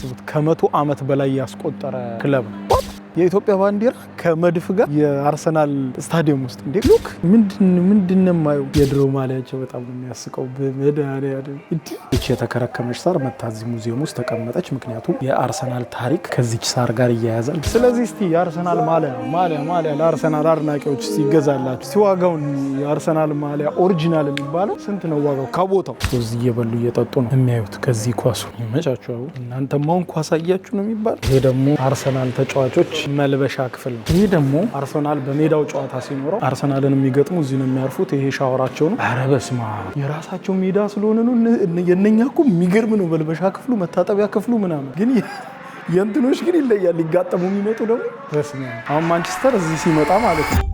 አስቡት ከመቶ ዓመት በላይ ያስቆጠረ ክለብ ነው። የኢትዮጵያ ባንዲራ ከመድፍ ጋር የአርሰናል ስታዲየም ውስጥ እንዴ! ሉክ ምንድን ምንድን የማየው የድሮ ማሊያቸው በጣም የሚያስቀው በመድኃኔዓለም የተከረከመች ሳር መታዚ ሙዚየም ውስጥ ተቀመጠች። ምክንያቱም የአርሰናል ታሪክ ከዚች ሳር ጋር እያያዛል። ስለዚህ እስቲ የአርሰናል ማሊያ ማሊያ ማሊያ ለአርሰናል አድናቂዎች ይገዛላችሁ። ሲዋጋውን የአርሰናል ማሊያ ኦሪጂናል የሚባለው ስንት ነው ዋጋው? ከቦታው እዚ እየበሉ እየጠጡ ነው የሚያዩት። ከዚህ ኳሱ ይመቻችሁ። እናንተ ማሁን ኳስ አያችሁ ነው የሚባለው። ይሄ ደግሞ አርሰናል ተጫዋቾች መልበሻ ክፍል ነው። ይህ ደግሞ አርሰናል በሜዳው ጨዋታ ሲኖረው አርሰናልን የሚገጥሙ እዚህ ነው የሚያርፉት። ይሄ ሻወራቸው ነው። ኧረ በስመ አብ የራሳቸው ሜዳ ስለሆነ ነው። የነኛ እኮ የሚገርም ነው። መልበሻ ክፍሉ፣ መታጠቢያ ክፍሉ ምናምን ግን የእንትኖች ግን ይለያል። ሊጋጠሙ የሚመጡ ደግሞ አሁን ማንቸስተር እዚህ ሲመጣ ማለት ነው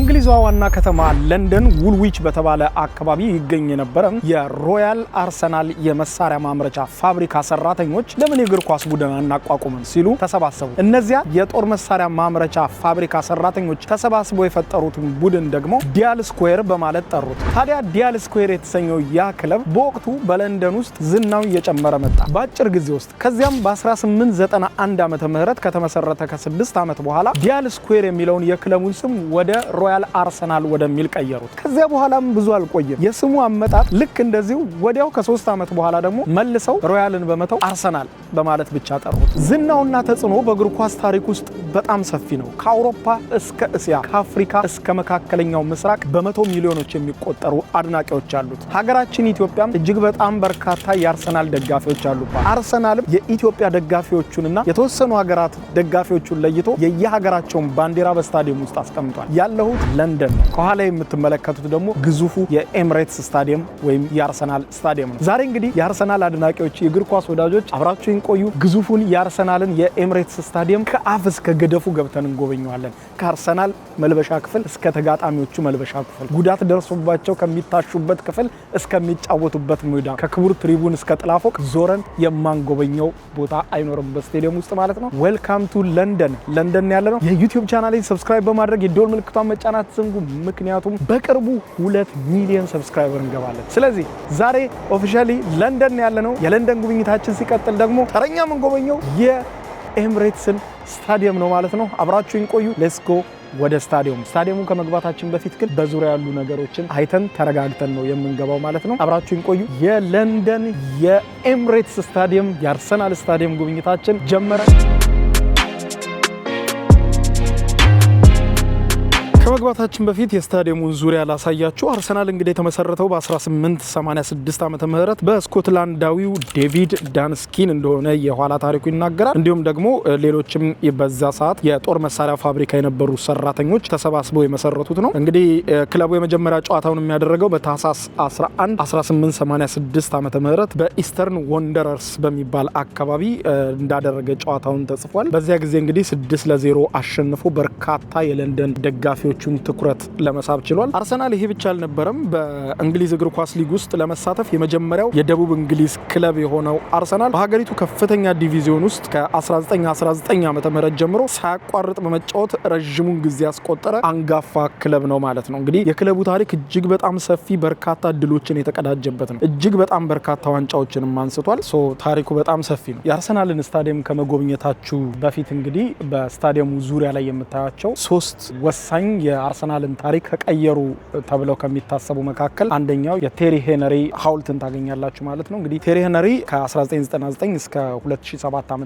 በእንግሊዟ ዋና ከተማ ለንደን ውልዊች በተባለ አካባቢ ይገኝ የነበረ የሮያል አርሰናል የመሳሪያ ማምረቻ ፋብሪካ ሰራተኞች ለምን የእግር ኳስ ቡድን አናቋቁምን ሲሉ ተሰባሰቡ። እነዚያ የጦር መሳሪያ ማምረቻ ፋብሪካ ሰራተኞች ተሰባስበው የፈጠሩትን ቡድን ደግሞ ዲያል ስኩዌር በማለት ጠሩት። ታዲያ ዲያል ስኩዌር የተሰኘው ያ ክለብ በወቅቱ በለንደን ውስጥ ዝናው እየጨመረ መጣ በአጭር ጊዜ ውስጥ። ከዚያም በ1891 ዓ ም ከተመሰረተ ከስድስት ዓመት በኋላ ዲያል ስኩዌር የሚለውን የክለቡን ስም ወደ ሮያል አርሰናል ወደሚል ቀየሩት። ከዚያ በኋላም ብዙ አልቆየም። የስሙ አመጣጥ ልክ እንደዚሁ ወዲያው ከሶስት ዓመት በኋላ ደግሞ መልሰው ሮያልን በመተው አርሰናል በማለት ብቻ ጠሩት። ዝናውና ተጽዕኖ በእግር ኳስ ታሪክ ውስጥ በጣም ሰፊ ነው። ከአውሮፓ እስከ እስያ፣ ከአፍሪካ እስከ መካከለኛው ምስራቅ በመቶ ሚሊዮኖች የሚቆጠሩ አድናቂዎች አሉት። ሀገራችን ኢትዮጵያም እጅግ በጣም በርካታ የአርሰናል ደጋፊዎች አሉባት። አርሰናልም የኢትዮጵያ ደጋፊዎቹንና የተወሰኑ ሀገራት ደጋፊዎቹን ለይቶ የየሀገራቸውን ባንዲራ በስታዲየም ውስጥ አስቀምጧል። ያለው ያለው ለንደን ነው። ከኋላ የምትመለከቱት ደግሞ ግዙፉ የኤምሬትስ ስታዲየም ወይም የአርሰናል ስታዲየም ነው። ዛሬ እንግዲህ የአርሰናል አድናቂዎች፣ የእግር ኳስ ወዳጆች አብራችሁን ቆዩ። ግዙፉን የአርሰናልን የኤምሬትስ ስታዲየም ከአፍ እስከ ገደፉ ገብተን እንጎበኘዋለን። ከአርሰናል መልበሻ ክፍል እስከ ተጋጣሚዎቹ መልበሻ ክፍል፣ ጉዳት ደርሶባቸው ከሚታሹበት ክፍል እስከሚጫወቱበት ሜዳ፣ ከክቡር ትሪቡን እስከ ጥላፎቅ ዞረን የማንጎበኘው ቦታ አይኖርም፣ በስቴዲየም ውስጥ ማለት ነው። ዌልካም ቱ ለንደን ለንደን ያለ ነው። የዩቲዩብ ቻናል ሰብስክራይብ በማድረግ የደወል ምልክቷን መጫን ዘንጉ። ምክንያቱም በቅርቡ ሁለት ሚሊዮን ሰብስክራይበር እንገባለን። ስለዚህ ዛሬ ኦፊሻሊ ለንደን ያለ ነው። የለንደን ጉብኝታችን ሲቀጥል ደግሞ ተረኛ የምንጎበኘው የኤምሬትስን ስታዲየም ነው ማለት ነው። አብራችሁኝ ቆዩ። ሌስኮ ወደ ስታዲየም ስታዲየሙ ከመግባታችን በፊት ግን በዙሪያ ያሉ ነገሮችን አይተን ተረጋግተን ነው የምንገባው ማለት ነው። አብራችሁን ቆዩ። የለንደን የኤምሬትስ ስታዲየም፣ የአርሰናል ስታዲየም ጉብኝታችን ጀመረ። ከመግባታችን በፊት የስታዲየሙን ዙሪያ ላሳያችሁ። አርሰናል እንግዲህ የተመሰረተው በ1886 ዓመተ ምህረት በስኮትላንዳዊው ዴቪድ ዳንስኪን እንደሆነ የኋላ ታሪኩ ይናገራል። እንዲሁም ደግሞ ሌሎችም በዛ ሰዓት የጦር መሳሪያ ፋብሪካ የነበሩ ሰራተኞች ተሰባስበው የመሰረቱት ነው። እንግዲህ ክለቡ የመጀመሪያ ጨዋታውን የሚያደረገው በታህሳስ 11 1886 ዓመተ ምህረት በኢስተርን ወንደረርስ በሚባል አካባቢ እንዳደረገ ጨዋታውን ተጽፏል። በዚያ ጊዜ እንግዲህ 6 ለዜሮ አሸንፎ በርካታ የለንደን ደጋፊዎች የብዙዎቹን ትኩረት ለመሳብ ችሏል። አርሰናል ይሄ ብቻ አልነበረም። በእንግሊዝ እግር ኳስ ሊግ ውስጥ ለመሳተፍ የመጀመሪያው የደቡብ እንግሊዝ ክለብ የሆነው አርሰናል በሀገሪቱ ከፍተኛ ዲቪዚዮን ውስጥ ከ1919 ዓ ም ጀምሮ ሳያቋርጥ በመጫወት ረዥሙን ጊዜ ያስቆጠረ አንጋፋ ክለብ ነው ማለት ነው። እንግዲህ የክለቡ ታሪክ እጅግ በጣም ሰፊ፣ በርካታ ድሎችን የተቀዳጀበት ነው። እጅግ በጣም በርካታ ዋንጫዎችንም አንስቷል። ሶ ታሪኩ በጣም ሰፊ ነው። የአርሰናልን ስታዲየም ከመጎብኘታችሁ በፊት እንግዲህ በስታዲየሙ ዙሪያ ላይ የምታያቸው ሶስት ወሳኝ የአርሰናልን ታሪክ ከቀየሩ ተብለው ከሚታሰቡ መካከል አንደኛው የቴሪ ሄነሪ ሀውልትን ታገኛላችሁ ማለት ነው። እንግዲህ ቴሪ ሄነሪ ከ1999 እስከ 2007 ዓ ም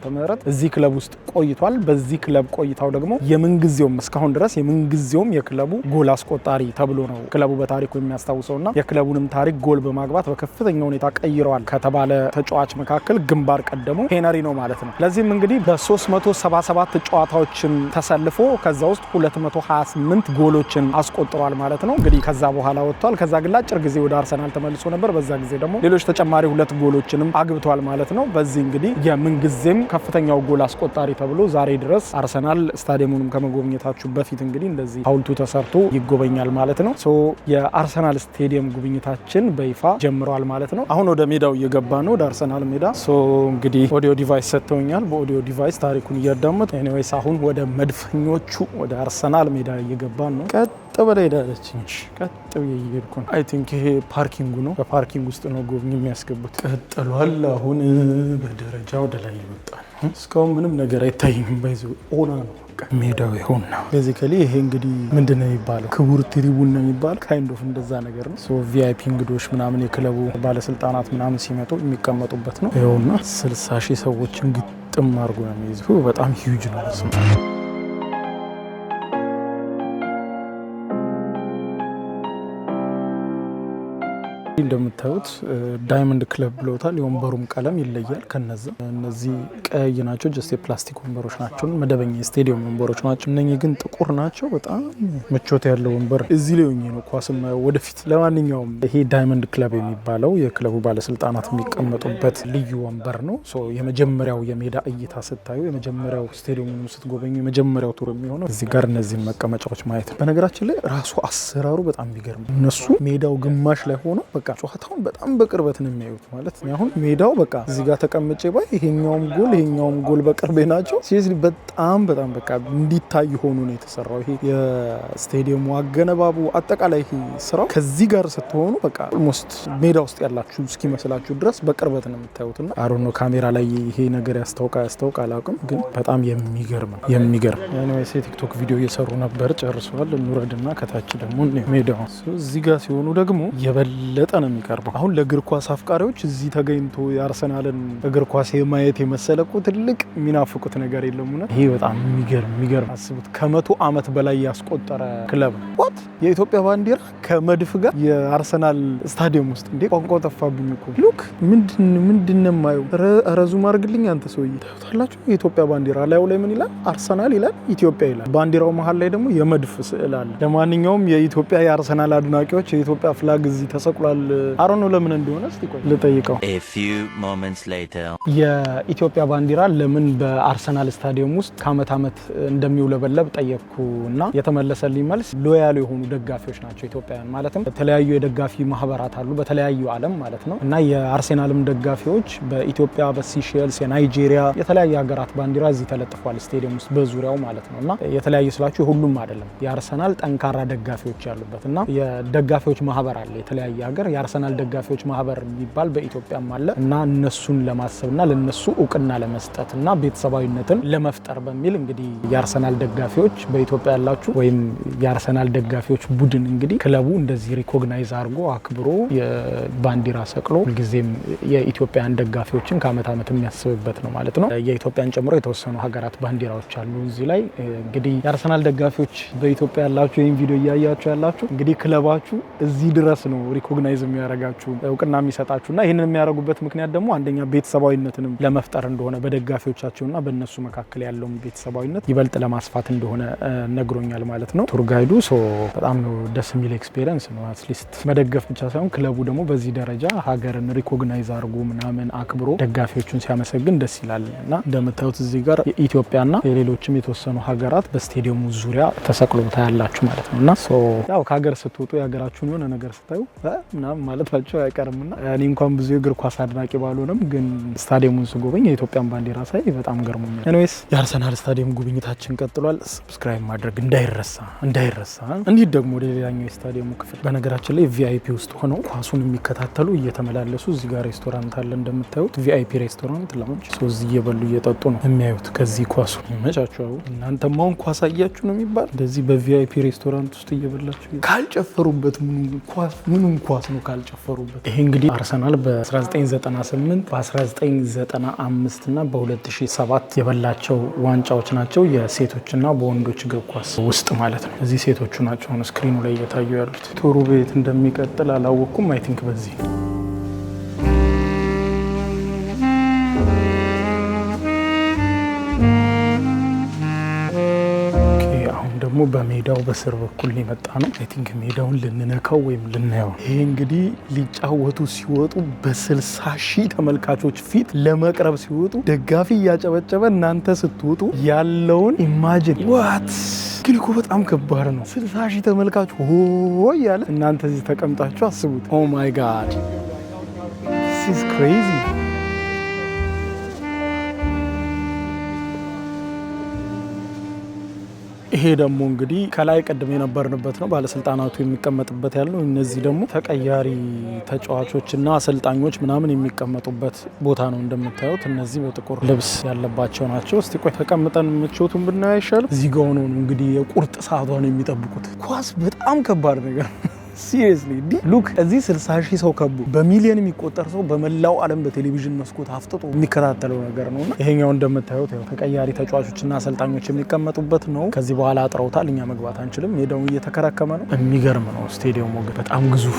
እዚህ ክለብ ውስጥ ቆይቷል። በዚህ ክለብ ቆይታው ደግሞ የምንጊዜውም እስካሁን ድረስ የምንጊዜውም የክለቡ ጎል አስቆጣሪ ተብሎ ነው ክለቡ በታሪኩ የሚያስታውሰው እና የክለቡንም ታሪክ ጎል በማግባት በከፍተኛ ሁኔታ ቀይረዋል ከተባለ ተጫዋች መካከል ግንባር ቀደሙ ሄነሪ ነው ማለት ነው። ለዚህም እንግዲህ በ377 ጨዋታዎችን ተሰልፎ ከዛ ውስጥ 228 ጎሎችን አስቆጥሯል ማለት ነው። እንግዲህ ከዛ በኋላ ወጥቷል። ከዛ ግን ለአጭር ጊዜ ወደ አርሰናል ተመልሶ ነበር። በዛ ጊዜ ደግሞ ሌሎች ተጨማሪ ሁለት ጎሎችንም አግብቷል ማለት ነው። በዚህ እንግዲህ የምንጊዜም ከፍተኛው ጎል አስቆጣሪ ተብሎ ዛሬ ድረስ አርሰናል ስታዲየሙንም ከመጎብኘታችሁ በፊት እንግዲህ እንደዚህ ሀውልቱ ተሰርቶ ይጎበኛል ማለት ነው። ሶ የአርሰናል ስታዲየም ጉብኝታችን በይፋ ጀምረዋል ማለት ነው። አሁን ወደ ሜዳው እየገባ ነው፣ ወደ አርሰናል ሜዳ። ሶ እንግዲህ ኦዲዮ ዲቫይስ ሰጥተውኛል። በኦዲዮ ዲቫይስ ታሪኩን እያዳመጥ ኤኒዌይስ፣ አሁን ወደ መድፈኞቹ ወደ አርሰናል ሜዳ እየገባ እየገባን ነው። ቀጥ ብላ ሄዳለች ቀጥ ብዬ እየሄድኩ ነው። አይ ቲንክ ይሄ ፓርኪንጉ ነው። በፓርኪንግ ውስጥ ነው ጎብኝ የሚያስገቡት። ቀጥሏል። አሁን በደረጃ ወደ ላይ ይወጣ እስካሁን ምንም ነገር አይታይም። ባይዘ ኦና ነው ሜዳው ይሆን ነው። ቤዚካሊ ይሄ እንግዲህ ምንድን ነው የሚባለው ክቡር ትሪቡን ነው የሚባል ካይንድ ኦፍ እንደዛ ነገር ነው። ሶ ቪአይፒ እንግዶች ምናምን የክለቡ ባለስልጣናት ምናምን ሲመጡ የሚቀመጡበት ነው። ይኸውና ስልሳ ሺህ ሰዎችን ግጥም አድርጎ ነው የሚይዘው። በጣም ሂውጅ ነው። እንደምታዩት ዳይመንድ ክለብ ብለውታል። የወንበሩም ቀለም ይለያል። ከነዚ እነዚህ ቀይ ናቸው፣ ጀስት የፕላስቲክ ወንበሮች ናቸው። መደበኛ የስቴዲየም ወንበሮች ናቸው። እነኚህ ግን ጥቁር ናቸው። በጣም ምቾት ያለው ወንበር እዚህ ላይ ነው ኳስ ወደፊት። ለማንኛውም ይሄ ዳይመንድ ክለብ የሚባለው የክለቡ ባለስልጣናት የሚቀመጡበት ልዩ ወንበር ነው። የመጀመሪያው የሜዳ እይታ ስታዩ፣ የመጀመሪያው ስቴዲየሙ ስትጎበኙ፣ የመጀመሪያው ቱር የሚሆነው እዚህ ጋር እነዚህን መቀመጫዎች ማየት ነው። በነገራችን ላይ ራሱ አሰራሩ በጣም ቢገርም እነሱ ሜዳው ግማሽ ላይ ሆነው በቃ ጨዋታውን በጣም በቅርበት ነው የሚያዩት። ማለት አሁን ሜዳው በቃ እዚህ ጋር ተቀምጬ ባይ ይሄኛውም ጎል ይሄኛውም ጎል በቅርቤ ናቸው። ሲሪየስሊ በጣም በጣም በቃ እንዲታይ ሆኑ ነው የተሰራው። ይሄ የስቴዲየሙ አገነባቡ፣ አጠቃላይ ይሄ ስራው ከዚህ ጋር ስትሆኑ በቃ ኦልሞስት ሜዳ ውስጥ ያላችሁ እስኪመስላችሁ ድረስ በቅርበት ነው የምታዩት። ና አሮኖ ካሜራ ላይ ይሄ ነገር ያስታውቃ ያስታውቃ አላውቅም፣ ግን በጣም የሚገርም የሚገርም ኒይስ የቲክቶክ ቪዲዮ እየሰሩ ነበር። ጨርሰዋል። እንውረድ ና ከታች ደግሞ ሜዳው እዚህ ጋር ሲሆኑ ደግሞ የበለጠ ነው የሚቀርበው። አሁን ለእግር ኳስ አፍቃሪዎች እዚህ ተገኝቶ የአርሰናልን እግር ኳስ የማየት የመሰለ እኮ ትልቅ የሚናፍቁት ነገር የለም። እውነት ይሄ በጣም የሚገርም የሚገርም አስቡት፣ ከመቶ ዓመት በላይ ያስቆጠረ ክለብ ነው። የኢትዮጵያ ባንዲራ ከመድፍ ጋር የአርሰናል ስታዲየም ውስጥ እንዴ! ቋንቋ ጠፋብኝ እኮ ሉክ ምንድን ምንድን የማየው? ረዙም አድርግልኝ አንተ ሰውዬ። ታዩታላችሁ፣ የኢትዮጵያ ባንዲራ ላዩ ላይ ምን ይላል? አርሰናል ይላል፣ ኢትዮጵያ ይላል። ባንዲራው መሀል ላይ ደግሞ የመድፍ ስዕል አለ። ለማንኛውም የኢትዮጵያ የአርሰናል አድናቂዎች የኢትዮጵያ ፍላግ እዚህ ተሰቅሏል። አሮ ነው ለምን እንደሆነ እስቲ ቆይ ልጠይቀው። የኢትዮጵያ ባንዲራ ለምን በአርሰናል ስታዲየም ውስጥ ከአመት ዓመት እንደሚውለበለብ ጠየቅኩ እና የተመለሰልኝ መልስ ሎያል የሆኑ ደጋፊዎች ናቸው ኢትዮጵያውያን። ማለትም የተለያዩ የደጋፊ ማህበራት አሉ በተለያዩ ዓለም ማለት ነው እና የአርሴናልም ደጋፊዎች በኢትዮጵያ፣ በሲሼልስ፣ የናይጄሪያ የተለያዩ ሀገራት ባንዲራ እዚህ ተለጥፏል ስቴዲየም ውስጥ በዙሪያው ማለት ነው እና የተለያዩ ስላችሁ የሁሉም አይደለም የአርሰናል ጠንካራ ደጋፊዎች ያሉበት እና የደጋፊዎች ማህበር አለ የተለያየ ሀገር የአርሰናል ደጋፊዎች ማህበር የሚባል በኢትዮጵያም አለ እና እነሱን ለማሰብና ለነሱ እውቅና ለመስጠት እና ቤተሰባዊነትን ለመፍጠር በሚል እንግዲህ የአርሰናል ደጋፊዎች በኢትዮጵያ ያላችሁ ወይም የአርሰናል ደጋፊዎች ደጋፊዎች ቡድን እንግዲህ ክለቡ እንደዚህ ሪኮግናይዝ አድርጎ አክብሮ የባንዲራ ሰቅሎ ሁልጊዜም የኢትዮጵያን ደጋፊዎችን ከአመት አመት የሚያስብበት ነው ማለት ነው። የኢትዮጵያን ጨምሮ የተወሰኑ ሀገራት ባንዲራዎች አሉ። እዚህ ላይ እንግዲህ የአርሰናል ደጋፊዎች በኢትዮጵያ ያላችሁ ወይም ቪዲዮ እያያችሁ ያላችሁ እንግዲህ ክለባችሁ እዚህ ድረስ ነው ሪኮግናይዝ የሚያደርጋችሁ እውቅና የሚሰጣችሁ እና ይህንን የሚያደርጉበት ምክንያት ደግሞ አንደኛ ቤተሰባዊነትንም ለመፍጠር እንደሆነ በደጋፊዎቻቸውና በእነሱ መካከል ያለውን ቤተሰባዊነት ይበልጥ ለማስፋት እንደሆነ ነግሮኛል ማለት ነው ቱር ጋይዱ። በጣም ነው ደስ የሚል ኤክስፔሪንስ ነው። አትሊስት መደገፍ ብቻ ሳይሆን ክለቡ ደግሞ በዚህ ደረጃ ሀገርን ሪኮግናይዝ አድርጎ ምናምን አክብሮ ደጋፊዎቹን ሲያመሰግን ደስ ይላል እና እንደምታዩት እዚህ ጋር የኢትዮጵያና የሌሎችም የተወሰኑ ሀገራት በስቴዲየሙ ዙሪያ ተሰቅሎ ታያላችሁ ማለት ነው እና ያው ከሀገር ስትወጡ የሀገራችሁን የሆነ ነገር ስታዩ ምናምን ማለታቸው አይቀርም እኔ እንኳን ብዙ የእግር ኳስ አድናቂ ባልሆነም ግን ስታዲየሙን ስጎበኝ የኢትዮጵያን ባንዲራ ሳይ በጣም ገርሞኛል። ኤኒዌይስ የአርሰናል ስታዲየም ጉብኝታችን ቀጥሏል። ሰብስክራይብ ማድረግ እንዳይረሳ እንዳይረሳ እንዲህ ደግሞ ወደ ሌላኛው የስታዲየሙ ክፍል በነገራችን ላይ ቪአይፒ ውስጥ ሆነው ኳሱን የሚከታተሉ እየተመላለሱ እዚህ ጋር ሬስቶራንት አለ እንደምታዩት ቪአይፒ ሬስቶራንት ላውንጅ ሰው እዚህ እየበሉ እየጠጡ ነው የሚያዩት ከዚህ ኳሱ ይመቻቸው እናንተ ማሁን ኳስ አያችሁ ነው የሚባል እንደዚህ በቪአይፒ ሬስቶራንት ውስጥ እየበላችሁ ካልጨፈሩበት ምኑም ኳስ ኳስ ነው ካልጨፈሩበት ይሄ እንግዲህ አርሰናል በ1998 በ1995 እና በ2007 የበላቸው ዋንጫዎች ናቸው የሴቶችና በወንዶች እግር ኳስ ውስጥ ማለት ነው እዚህ ሴቶቹ ናቸው ስክሪኑ ላይ እየታዩ ያሉት። ቱሩ ቤት እንደሚቀጥል አላወቅኩም። አይ ቲንክ በዚህ ነው ደግሞ በሜዳው በስር በኩል የመጣ ነው። አይ ቲንክ ሜዳውን ልንነካው ወይም ልናየው ይሄ እንግዲህ ሊጫወቱ ሲወጡ በስልሳ ሺህ ተመልካቾች ፊት ለመቅረብ ሲወጡ ደጋፊ እያጨበጨበ እናንተ ስትወጡ ያለውን ኢማጂን ዋት ግን እኮ በጣም ከባድ ነው። ስልሳ ሺህ ተመልካች ሆ እያለ እናንተ እዚህ ተቀምጣችሁ አስቡት። ኦ ማይ ጋድ ሲስ ክሬዚ ይሄ ደግሞ እንግዲህ ከላይ ቅድም የነበርንበት ነው፣ ባለስልጣናቱ የሚቀመጥበት ያለው። እነዚህ ደግሞ ተቀያሪ ተጫዋቾችና አሰልጣኞች ምናምን የሚቀመጡበት ቦታ ነው። እንደምታዩት እነዚህ በጥቁር ልብስ ያለባቸው ናቸው። እስቲ ቆይ ተቀምጠን ምቾቱን ብናይ አይሻልም? እዚህ ጋ ነው እንግዲህ የቁርጥ ሰዓቷን የሚጠብቁት። ኳስ በጣም ከባድ ነገር ሲሪየስሊ እንዲህ ሉክ እዚህ 60 ሺህ ሰው ከቡ በሚሊዮን የሚቆጠር ሰው በመላው ዓለም በቴሌቪዥን መስኮት አፍጥጦ የሚከታተለው ነገር ነው ይሄኛው እንደምታዩት ተቀያሪ ተጫዋቾችና አሰልጣኞች የሚቀመጡበት ነው። ከዚህ በኋላ አጥረውታል። እኛ መግባት አንችልም። ሜዳውን እየተከረከመ ነው። የሚገርም ነው። ስቴዲየሙ በጣም ግዙፍ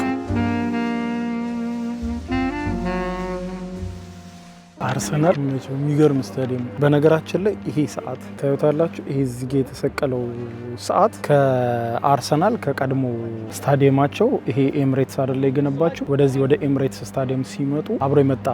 አርሰናል የሚገርም ስታዲየም። በነገራችን ላይ ይሄ ሰዓት ታዩታላችሁ። ይሄ እዚህ የተሰቀለው ሰዓት ከአርሰናል ከቀድሞ ስታዲየማቸው ይሄ ኤምሬትስ አደለ የገነባቸው ወደዚህ ወደ ኤምሬትስ ስታዲየም ሲመጡ አብሮ የመጣ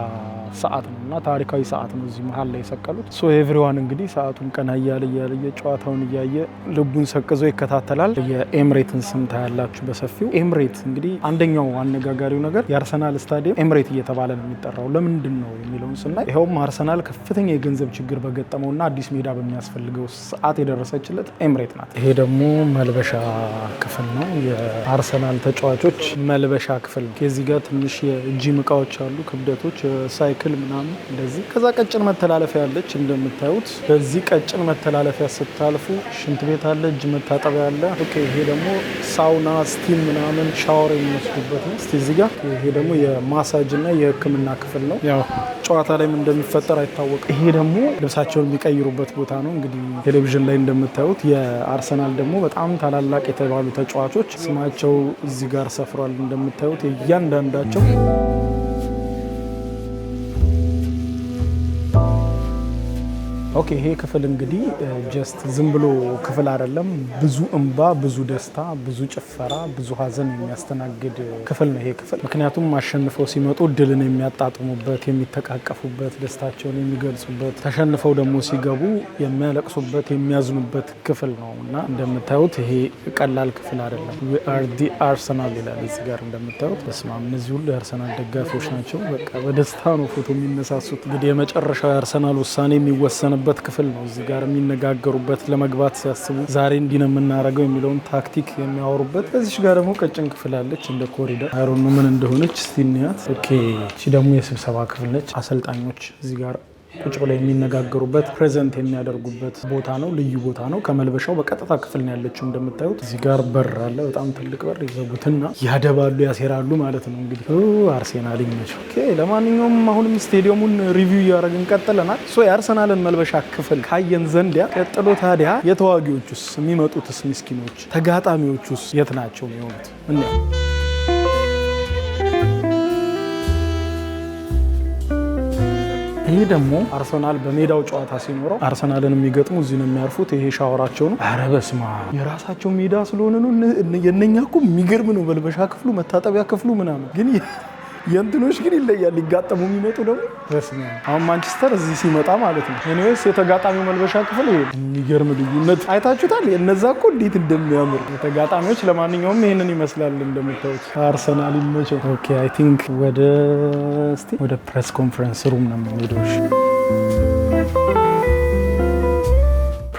ሰዓት ነው እና ታሪካዊ ሰዓት ነው። እዚህ መሀል ላይ የሰቀሉት ሶ ኤቭሪዋን እንግዲህ ሰዓቱን ቀና እያለ እያለየ ጨዋታውን እያየ ልቡን ሰቅዞ ይከታተላል። የኤምሬትን ስም ታያላችሁ በሰፊው ኤምሬት እንግዲህ አንደኛው አነጋጋሪው ነገር የአርሰናል ስታዲየም ኤምሬት እየተባለ ነው የሚጠራው ለምንድን ነው የሚለውን ስናይ ይኸውም አርሰናል ከፍተኛ የገንዘብ ችግር በገጠመውና አዲስ ሜዳ በሚያስፈልገው ሰዓት የደረሰችለት ኤምሬት ናት። ይሄ ደግሞ መልበሻ ክፍል ነው፣ የአርሰናል ተጫዋቾች መልበሻ ክፍል ነው። ከዚህ ጋር ትንሽ የጂም እቃዎች አሉ፣ ክብደቶች ሳይክ ትክክል ምናምን እንደዚህ። ከዛ ቀጭን መተላለፊያ አለች እንደምታዩት። በዚህ ቀጭን መተላለፊያ ስታልፉ ሽንት ቤት አለ፣ እጅ መታጠቢያ አለ። ኦኬ ይሄ ደግሞ ሳውና ስቲም ምናምን ሻወር የሚወስዱበት ነው። እስቲ እዚህ ጋር ይሄ ደግሞ የማሳጅ እና የህክምና ክፍል ነው። ያው ጨዋታ ላይም እንደሚፈጠር አይታወቅም። ይሄ ደግሞ ልብሳቸውን የሚቀይሩበት ቦታ ነው። እንግዲህ ቴሌቪዥን ላይ እንደምታዩት የአርሰናል ደግሞ በጣም ታላላቅ የተባሉ ተጫዋቾች ስማቸው እዚህ ጋር ሰፍሯል እንደምታዩት እያንዳንዳቸው ኦኬ ይሄ ክፍል እንግዲህ ጀስት ዝም ብሎ ክፍል አይደለም። ብዙ እንባ፣ ብዙ ደስታ፣ ብዙ ጭፈራ፣ ብዙ ሀዘን የሚያስተናግድ ክፍል ነው ይሄ ክፍል። ምክንያቱም አሸንፈው ሲመጡ ድልን የሚያጣጥሙበት፣ የሚተቃቀፉበት፣ ደስታቸውን የሚገልጹበት፣ ተሸንፈው ደግሞ ሲገቡ የሚያለቅሱበት፣ የሚያዝኑበት ክፍል ነው እና እንደምታዩት ይሄ ቀላል ክፍል አይደለም። ዊ አር ዲ አርሰናል ይላል እዚህ ጋር እንደምታዩት። በስመ አብ እነዚህ ሁሉ የአርሰናል ደጋፊዎች ናቸው። በቃ በደስታ ነው ፎቶ የሚነሳሱት። እንግዲህ የመጨረሻው የአርሰናል ውሳኔ የሚወሰነ የሚወያዩበት ክፍል ነው። እዚህ ጋር የሚነጋገሩበት ለመግባት ሲያስቡ ዛሬ እንዲህ ነው የምናደርገው የሚለውን ታክቲክ የሚያወሩበት። ከዚች ጋር ደግሞ ቀጭን ክፍል አለች እንደ ኮሪደር አይሮኑ ምን እንደሆነች ሲኒያት። ኦኬ፣ እቺ ደግሞ የስብሰባ ክፍል ነች። አሰልጣኞች እዚህ ጋር ቁጭ ብለው የሚነጋገሩበት ፕሬዘንት የሚያደርጉበት ቦታ ነው። ልዩ ቦታ ነው። ከመልበሻው በቀጥታ ክፍል ነው ያለችው። እንደምታዩት እዚህ ጋር በር አለ፣ በጣም ትልቅ በር። ይዘጉትና ያደባሉ፣ ያሴራሉ ማለት ነው። እንግዲህ አርሴናል ይመቸው። ለማንኛውም አሁንም ስቴዲየሙን ሪቪው እያደረግን ቀጥለናል። የአርሰናልን መልበሻ ክፍል ካየን ዘንድ ቀጥሎ ታዲያ የተዋጊዎቹስ የሚመጡትስ ምስኪኖች ተጋጣሚዎቹስ የት ናቸው የሚሆኑት? ይሄ ደግሞ አርሰናል በሜዳው ጨዋታ ሲኖረው አርሰናልን የሚገጥሙ እዚህ ነው የሚያርፉት። ይሄ ሻወራቸው ነው። ኧረ በስመ አብ የራሳቸው ሜዳ ስለሆነ ነው። የነኛ እኮ የሚገርም ነው። በልበሻ ክፍሉ፣ መታጠቢያ ክፍሉ ምናምን ግን የእንትኖች ግን ይለያል። ሊጋጠሙ የሚመጡ ደግሞ አሁን ማንቸስተር እዚህ ሲመጣ ማለት ነው። ኒስ የተጋጣሚው መልበሻ ክፍል ይሄ የሚገርም ልዩነት አይታችሁታል። እነዛ እኮ እንዴት እንደሚያምር የተጋጣሚዎች። ለማንኛውም ይህንን ይመስላል እንደምታዩት። አርሰናል ይመቸው። ኦኬ አይ ቲንክ ወደ እስኪ ወደ ፕሬስ ኮንፈረንስ ሩም ነው የምንሄደው።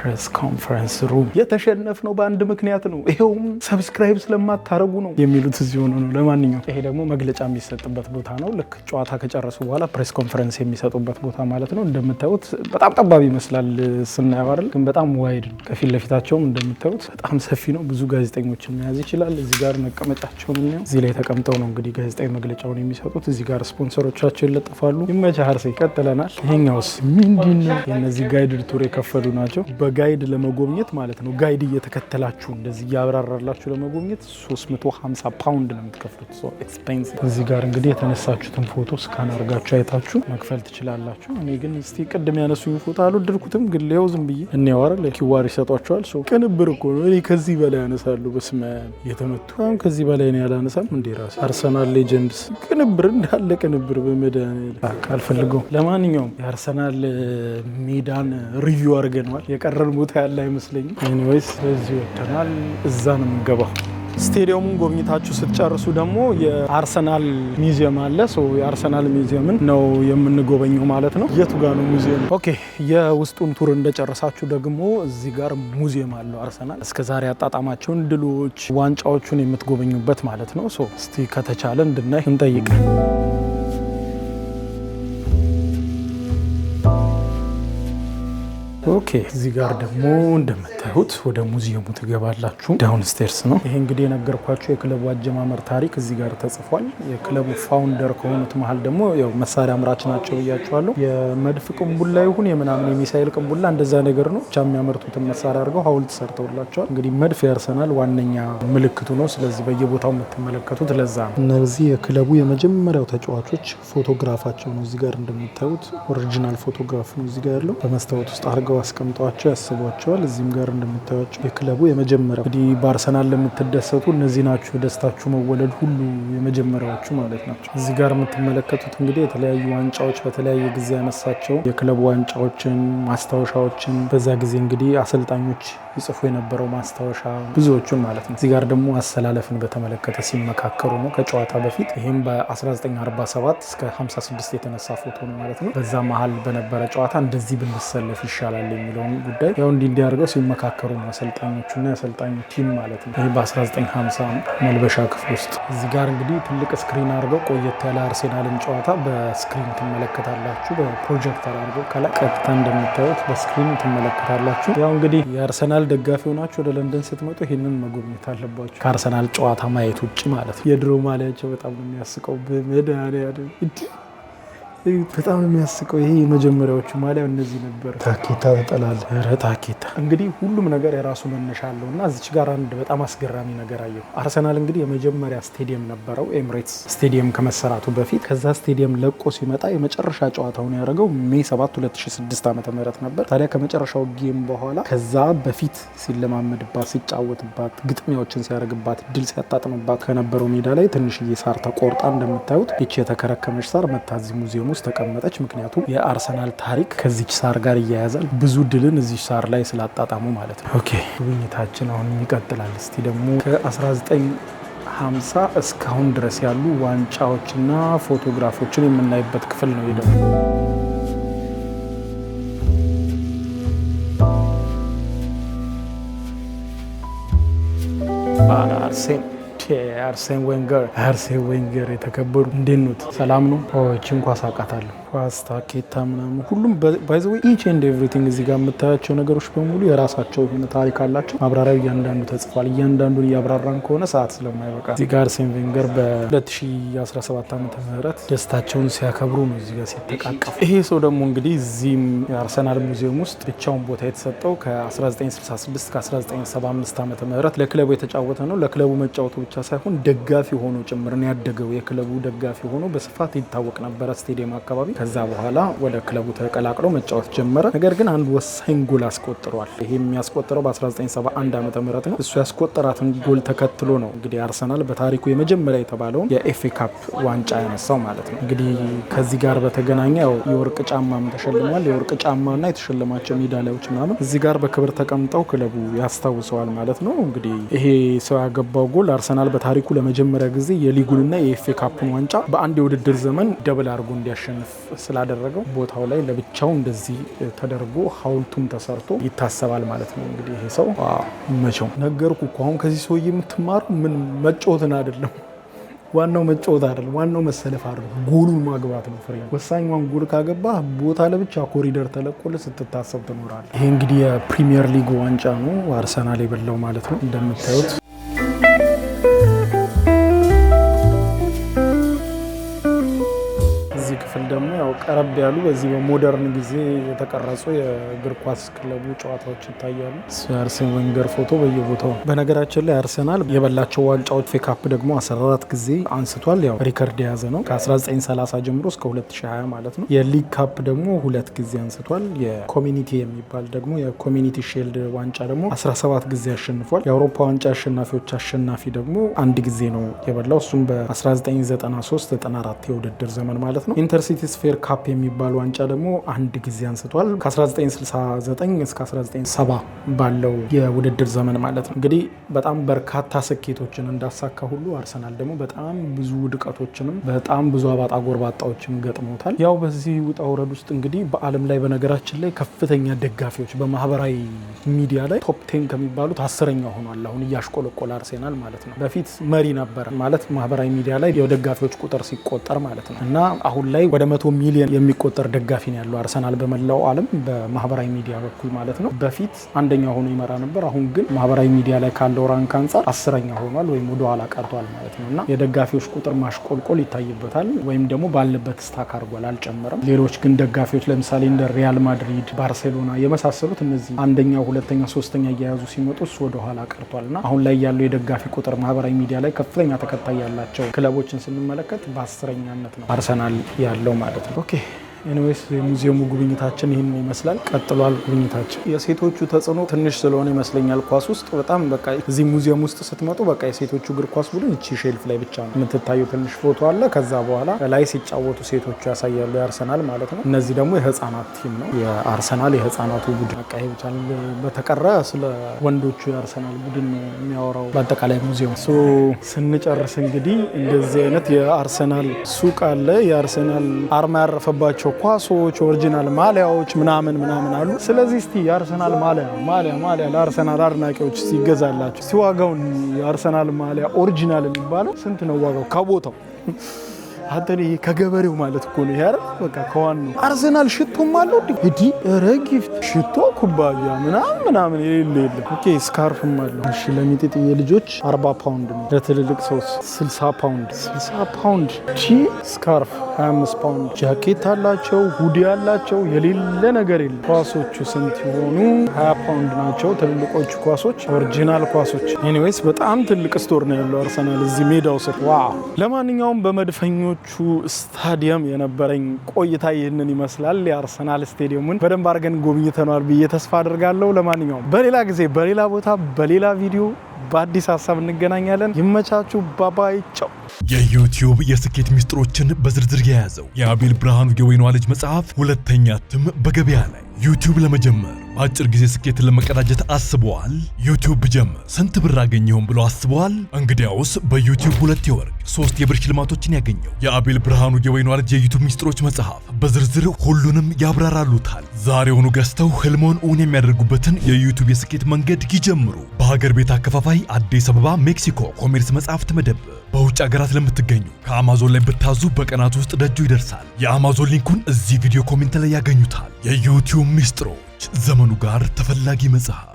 ፕሬስ ኮንፈረንስ ሩም የተሸነፍነው በአንድ ምክንያት ነው፣ ይኸውም ሰብስክራይብ ስለማታረጉ ነው የሚሉት እዚህ ሆኖ ነው። ለማንኛውም ይሄ ደግሞ መግለጫ የሚሰጥበት ቦታ ነው። ልክ ጨዋታ ከጨረሱ በኋላ ፕሬስ ኮንፈረንስ የሚሰጡበት ቦታ ማለት ነው። እንደምታዩት በጣም ጠባብ ይመስላል ስናየው አይደል፣ ግን በጣም ዋይድ ነው። ከፊት ለፊታቸውም እንደምታዩት በጣም ሰፊ ነው። ብዙ ጋዜጠኞችን መያዝ ይችላል። እዚህ ጋር መቀመጫቸውን እናየው። እዚህ ላይ ተቀምጠው ነው እንግዲህ ጋዜጣዊ መግለጫውን የሚሰጡት። እዚህ ጋር ስፖንሰሮቻቸው ይለጥፋሉ። ይመቻ ሀርሴ ይቀጥለናል። ይሄኛውስ ምንድነው? የነዚህ ጋይድድ ቱር የከፈሉ ናቸው። በጋይድ ለመጎብኘት ማለት ነው። ጋይድ እየተከተላችሁ እንደዚህ እያብራራላችሁ ለመጎብኘት 350 ፓውንድ ነው የምትከፍሉት። ኤክስፔንስ እዚህ ጋር እንግዲህ የተነሳችሁትን ፎቶ ስካን አድርጋችሁ አይታችሁ መክፈል ትችላላችሁ። እኔ ግን እስቲ ቅድም ያነሱኝ ፎቶ አልወደድኩትም፣ ግን ሌው ዝም ብዬ እኔዋር ኪዋር ይሰጧቸዋል። ቅንብር እኮ ነው። እኔ ከዚህ በላይ ያነሳሉ። በስመ የተመቱ አሁን ከዚህ በላይ ነው ያላነሳም እንዴ ራሴ አርሰናል ሌጀንድስ ቅንብር እንዳለ ቅንብር በመድኃኒዓለም አልፈልገውም። ለማንኛውም የአርሰናል ሜዳን ሪቪው አድርገነዋል የቀረ የሚባረር ቦታ ያለ አይመስለኝም። ኒወይስ እዚህ እዛ ነው የምንገባው። ስቴዲየሙን ጎብኝታችሁ ስትጨርሱ ደግሞ የአርሰናል ሚዚየም አለ። የአርሰናል ሚዚየምን ነው የምንጎበኘው ማለት ነው። የቱ ጋር ነው ሙዚየም? ኦኬ፣ የውስጡን ቱር እንደጨረሳችሁ ደግሞ እዚህ ጋር ሙዚየም አለው አርሰናል እስከዛሬ አጣጣማቸውን ድሎች፣ ዋንጫዎቹን የምትጎበኙበት ማለት ነው። እስቲ ከተቻለ እንድናይ እንጠይቅ። ኦኬ እዚህ ጋር ደግሞ እንደምታዩት ወደ ሙዚየሙ ትገባላችሁ። ዳውን ስቴርስ ነው ይሄ እንግዲህ የነገርኳቸው የክለቡ አጀማመር ታሪክ እዚህ ጋር ተጽፏል። የክለቡ ፋውንደር ከሆኑት መሀል ደግሞ ያው መሳሪያ አምራች ናቸው ብያቸዋለሁ። የመድፍ ቅንቡላ ይሁን የምናምን የሚሳይል ቅንቡላ እንደዛ ነገር ነው ብቻ የሚያመርቱትን መሳሪያ አድርገው ሀውልት ሰርተውላቸዋል። እንግዲህ መድፍ ያርሰናል ዋነኛ ምልክቱ ነው። ስለዚህ በየቦታው የምትመለከቱት ለዛ ነው። እነዚህ የክለቡ የመጀመሪያው ተጫዋቾች ፎቶግራፋቸው ነው እዚህ ጋር እንደምታዩት ኦሪጂናል ፎቶግራፍ ነው እዚህ ጋር ያለው በመስታወት ውስጥ አድርገው አድርገው አስቀምጧቸው ያስቧቸዋል። እዚህም ጋር እንደምታያቸው የክለቡ የመጀመሪያ እንግዲህ በአርሰናል ለምትደሰቱ እነዚህ ናቸው ደስታችሁ መወለድ ሁሉ የመጀመሪያዎቹ ማለት ናቸው። እዚህ ጋር የምትመለከቱት እንግዲህ የተለያዩ ዋንጫዎች በተለያየ ጊዜ ያነሳቸው የክለቡ ዋንጫዎችን፣ ማስታወሻዎችን በዛ ጊዜ እንግዲህ አሰልጣኞች ይጽፉ የነበረው ማስታወሻ ብዙዎቹን ማለት ነው። እዚህ ጋር ደግሞ አሰላለፍን በተመለከተ ሲመካከሩ ነው ከጨዋታ በፊት ይህም በ1947 እስከ 56 የተነሳ ፎቶ ነው ማለት ነው። በዛ መሀል በነበረ ጨዋታ እንደዚህ ብንሰለፍ ይሻላል ይችላል የሚለውን ጉዳይ ያው እንዲ እንዲያደርገው ሲመካከሩ ነው አሰልጣኞቹና የአሰልጣኙ ቲም ማለት ነው። ይህ በ1950 መልበሻ ክፍል ውስጥ እዚህ ጋር እንግዲህ ትልቅ ስክሪን አድርገው ቆየት ያለ አርሴናልን ጨዋታ በስክሪን ትመለከታላችሁ። በፕሮጀክተር አድርገው ከላይ ቀጥታ እንደምታዩት በስክሪን ትመለከታላችሁ። ያው እንግዲህ የአርሰናል ደጋፊ ሆናችሁ ወደ ለንደን ስትመጡ ይህንን መጎብኘት አለባችሁ፣ ከአርሰናል ጨዋታ ማየት ውጭ ማለት ነው። የድሮ ማሊያቸው በጣም ነው የሚያስቀው በመድኃኒዓለም በጣም ነው የሚያስቀው። ይሄ የመጀመሪያዎቹ ማሊያ እነዚህ ነበር። ታኬታ ተጠላል። ኧረ ታኬታ እንግዲህ ሁሉም ነገር የራሱ መነሻ አለው እና እዚች ጋር አንድ በጣም አስገራሚ ነገር አየሁ። አርሰናል እንግዲህ የመጀመሪያ ስቴዲየም ነበረው ኤምሬትስ ስቴዲየም ከመሰራቱ በፊት። ከዛ ስቴዲየም ለቆ ሲመጣ የመጨረሻ ጨዋታውን ያደረገው ሜ 7 2006 ዓ ም ነበር። ታዲያ ከመጨረሻው ጌም በኋላ ከዛ በፊት ሲለማመድባት፣ ሲጫወትባት፣ ግጥሚያዎችን ሲያደርግባት፣ ድል ሲያጣጥምባት ከነበረው ሜዳ ላይ ትንሽዬ ሳር ተቆርጣ እንደምታዩት ይቺ የተከረከመች ሳር መታዚ ሙዚየሙ ውስጥ ተቀመጠች። ምክንያቱም የአርሰናል ታሪክ ከዚች ሳር ጋር ይያያዛል። ብዙ ድልን እዚች ሳር ላይ ስላጣጣሙ ማለት ነው። ኦኬ ጉብኝታችን አሁንም ይቀጥላል። እስቲ ደግሞ ከ1950 እስካሁን ድረስ ያሉ ዋንጫዎችና ፎቶግራፎችን የምናይበት ክፍል ነው ደግሞ ባለ አርሴን አርሴን ወንገር አርሴን ወንገር የተከበሩ እንዴት ነው? ሰላም ነው? ቺ እንኳ ሳቃታለሁ ፓስታ፣ ኬታ ምናምን ሁሉም ባይዘወይ ኢች ኤንድ ኤቭሪቲንግ እዚህ ጋር የምታያቸው ነገሮች በሙሉ የራሳቸው የሆነ ታሪክ አላቸው። ማብራሪያው እያንዳንዱ ተጽፏል። እያንዳንዱን እያብራራን ከሆነ ሰዓት ስለማይበቃ እዚህ ጋር አርሴን ቬንገር በ2017 ዓ ም ደስታቸውን ሲያከብሩ ነው እዚህ ጋር ሲተቃቀፉ። ይሄ ሰው ደግሞ እንግዲህ እዚህም አርሰናል ሙዚየም ውስጥ ብቻውን ቦታ የተሰጠው ከ1966 እስከ 1975 ዓ ም ለክለቡ የተጫወተ ነው። ለክለቡ መጫወቱ ብቻ ሳይሆን ደጋፊ ሆኖ ጭምር ያደገው። የክለቡ ደጋፊ ሆኖ በስፋት ይታወቅ ነበረ ስቴዲየም አካባቢ ከዛ በኋላ ወደ ክለቡ ተቀላቅሎ መጫወት ጀመረ። ነገር ግን አንድ ወሳኝ ጎል አስቆጥሯል። ይሄ የሚያስቆጥረው በ1971 ዓ ም ነው። እሱ ያስቆጠራትን ጎል ተከትሎ ነው እንግዲህ አርሰናል በታሪኩ የመጀመሪያ የተባለውን የኤፍኤ ካፕ ዋንጫ ያነሳው ማለት ነው። እንግዲህ ከዚህ ጋር በተገናኘ ያው የወርቅ ጫማም ተሸልሟል። የወርቅ ጫማና የተሸለማቸው ሜዳሊያዎች ምናምን እዚህ ጋር በክብር ተቀምጠው ክለቡ ያስታውሰዋል ማለት ነው። እንግዲህ ይሄ ሰው ያገባው ጎል አርሰናል በታሪኩ ለመጀመሪያ ጊዜ የሊጉንና የኤፍኤ ካፕን ዋንጫ በአንድ የውድድር ዘመን ደብል አድርጎ እንዲያሸንፍ ስላደረገው ቦታው ላይ ለብቻው እንደዚህ ተደርጎ ሀውልቱም ተሰርቶ ይታሰባል ማለት ነው። እንግዲህ ይሄ ሰው መቼው ነገርኩ እኮ አሁን ከዚህ ሰውዬ የምትማሩ ምን መጫወትን አይደለም። ዋናው መጫወት አይደለም፣ ዋናው መሰለፍ አይደለም፣ ጎሉን ማግባት ነው። ፍሬ ወሳኛዋን ጎል ካገባ ቦታ ለብቻ ኮሪደር ተለቆል ስትታሰብ ትኖራል። ይሄ እንግዲህ የፕሪሚየር ሊግ ዋንጫ ነው አርሰናል የበላው ማለት ነው እንደምታዩት ቀረብ ያሉ በዚህ በሞደርን ጊዜ የተቀረጹ የእግር ኳስ ክለቡ ጨዋታዎች ይታያሉ። የአርሴን ወንገር ፎቶ በየቦታው። በነገራችን ላይ አርሰናል የበላቸው ዋንጫዎች ፌካፕ ደግሞ 14 ጊዜ አንስቷል። ያው ሪከርድ የያዘ ነው ከ1930 ጀምሮ እስከ 2020 ማለት ነው። የሊግ ካፕ ደግሞ ሁለት ጊዜ አንስቷል። የኮሚኒቲ የሚባል ደግሞ የኮሚኒቲ ሼልድ ዋንጫ ደግሞ 17 ጊዜ አሸንፏል። የአውሮፓ ዋንጫ አሸናፊዎች አሸናፊ ደግሞ አንድ ጊዜ ነው የበላው እሱም በ1993 94 የውድድር ዘመን ማለት ነው። ኢንተርሲቲ ስፌር ካፕ የሚባል ዋንጫ ደግሞ አንድ ጊዜ አንስቷል። ከ1969 እስከ 1970 ባለው የውድድር ዘመን ማለት ነው። እንግዲህ በጣም በርካታ ስኬቶችን እንዳሳካ ሁሉ አርሰናል ደግሞ በጣም ብዙ ውድቀቶችንም በጣም ብዙ አባጣ ጎርባጣዎችን ገጥሞታል። ያው በዚህ ውጣ ውረድ ውስጥ እንግዲህ በዓለም ላይ በነገራችን ላይ ከፍተኛ ደጋፊዎች በማህበራዊ ሚዲያ ላይ ቶፕ ቴን ከሚባሉት አስረኛ ሆኗል። አሁን እያሽቆለቆለ አርሴናል ማለት ነው። በፊት መሪ ነበረ ማለት ማህበራዊ ሚዲያ ላይ የደጋፊዎች ቁጥር ሲቆጠር ማለት ነው እና አሁን ላይ ወደ መቶ ሚሊዮን ሚሊዮን የሚቆጠር ደጋፊ ነው ያለው አርሰናል በመላው ዓለም በማህበራዊ ሚዲያ በኩል ማለት ነው። በፊት አንደኛ ሆኖ ይመራ ነበር። አሁን ግን ማህበራዊ ሚዲያ ላይ ካለው ራንክ አንጻር አስረኛ ሆኗል ወይም ወደ ኋላ ቀርቷል ማለት ነው እና የደጋፊዎች ቁጥር ማሽቆልቆል ይታይበታል ወይም ደግሞ ባለበት ስታክ አድርጓል፣ አልጨመረም። ሌሎች ግን ደጋፊዎች ለምሳሌ እንደ ሪያል ማድሪድ፣ ባርሴሎና የመሳሰሉት እነዚህ አንደኛ፣ ሁለተኛ፣ ሶስተኛ እያያዙ ሲመጡ እሱ ወደኋላ ቀርቷል እና አሁን ላይ ያለው የደጋፊ ቁጥር ማህበራዊ ሚዲያ ላይ ከፍተኛ ተከታይ ያላቸው ክለቦችን ስንመለከት በአስረኛነት ነው አርሰናል ያለው ማለት ነው። Okey. ኤኒዌይስ የሙዚየሙ ጉብኝታችን ይህን ይመስላል። ቀጥሏል ጉብኝታችን። የሴቶቹ ተጽዕኖ ትንሽ ስለሆነ ይመስለኛል ኳስ ውስጥ በጣም በቃ እዚህ ሙዚየም ውስጥ ስትመጡ በቃ የሴቶቹ እግር ኳስ ቡድን እቺ ሼልፍ ላይ ብቻ ነው የምትታየው። ትንሽ ፎቶ አለ። ከዛ በኋላ ላይ ሲጫወቱ ሴቶቹ ያሳያሉ፣ የአርሰናል ማለት ነው። እነዚህ ደግሞ የህፃናት ቲም ነው የአርሰናል የህፃናቱ ቡድን በቃ ይሄ ብቻ። በተቀረ ስለ ወንዶቹ የአርሰናል ቡድን የሚያወራው በአጠቃላይ ሙዚየም ስንጨርስ እንግዲህ እንደዚህ አይነት የአርሰናል ሱቅ አለ። የአርሰናል አርማ ያረፈባቸው ኳሶች፣ ኦሪጂናል ማሊያዎች ምናምን ምናምን አሉ። ስለዚህ እስቲ የአርሰናል ማሊያ ማሊያ ማሊያ ለአርሰናል አድናቂዎች ይገዛላቸው። ሲዋጋውን የአርሰናል ማሊያ ኦሪጂናል የሚባለው ስንት ነው ዋጋው ከቦታው ይሄ ከገበሬው ማለት እኮ ነው ያረ በቃ ከዋናው አርሰናል ሽቶም አለው እዲ ረጊፍት ሽቶ ኩባያ ምናምን ምናምን የሌለ የለም። ኦኬ ስካርፍም አለው። እሺ ለሚጥጥ ልጆች 40 ፓውንድ ነው፣ ለትልልቅ ሰው 60 ፓውንድ 60 ፓውንድ። ቺ ስካርፍ 25 ፓውንድ። ጃኬት አላቸው፣ ሁዲ አላቸው፣ የሌለ ነገር የለም። ኳሶቹ ስንት የሆኑ 20 ፓውንድ ናቸው ትልልቆቹ ኳሶች፣ ኦሪጂናል ኳሶች። ኤኒዌይስ በጣም ትልቅ ስቶር ነው ያለው አርሰናል እዚህ ሜዳው ስር። ዋው ለማንኛውም በመድፈኞ በአርሰናሎቹ ስታዲየም የነበረኝ ቆይታ ይህንን ይመስላል። የአርሰናል ስታዲየሙን በደንብ አድርገን ጎብኝተነዋል ብዬ ተስፋ አድርጋለሁ። ለማንኛውም በሌላ ጊዜ በሌላ ቦታ በሌላ ቪዲዮ በአዲስ ሀሳብ እንገናኛለን። ይመቻችሁ። ባባይ ቸው። የዩቲዩብ የስኬት ሚስጥሮችን በዝርዝር የያዘው የአቤል ብርሃኑ የወይኗ ልጅ መጽሐፍ ሁለተኛ እትም በገበያ ላይ ዩቲዩብ ለመጀመር በአጭር ጊዜ ስኬትን ለመቀዳጀት አስበዋል? ዩቲዩብ ጀምር ስንት ብር አገኘሁም ብለው አስበዋል? እንግዲያውስ በዩቲዩብ ሁለት የወርቅ ሶስት የብር ሽልማቶችን ያገኘው የአቤል ብርሃኑ የወይኗ ልጅ የዩቲዩብ ሚስጥሮች መጽሐፍ በዝርዝር ሁሉንም ያብራራሉታል። ዛሬውኑ ገዝተው ህልሞን እውን የሚያደርጉበትን የዩቲዩብ የስኬት መንገድ ይጀምሩ። በሀገር ቤት አከፋፋይ አዲስ አበባ ሜክሲኮ ኮሜርስ መጽሐፍት መደብ በውጭ ሀገራት ለምትገኙ ከአማዞን ላይ ብታዙ በቀናት ውስጥ ደጁ ይደርሳል። የአማዞን ሊንኩን እዚህ ቪዲዮ ኮሜንት ላይ ያገኙታል። የዩቲዩብ ሚስጥሮች ዘመኑ ጋር ተፈላጊ መጽሐፍ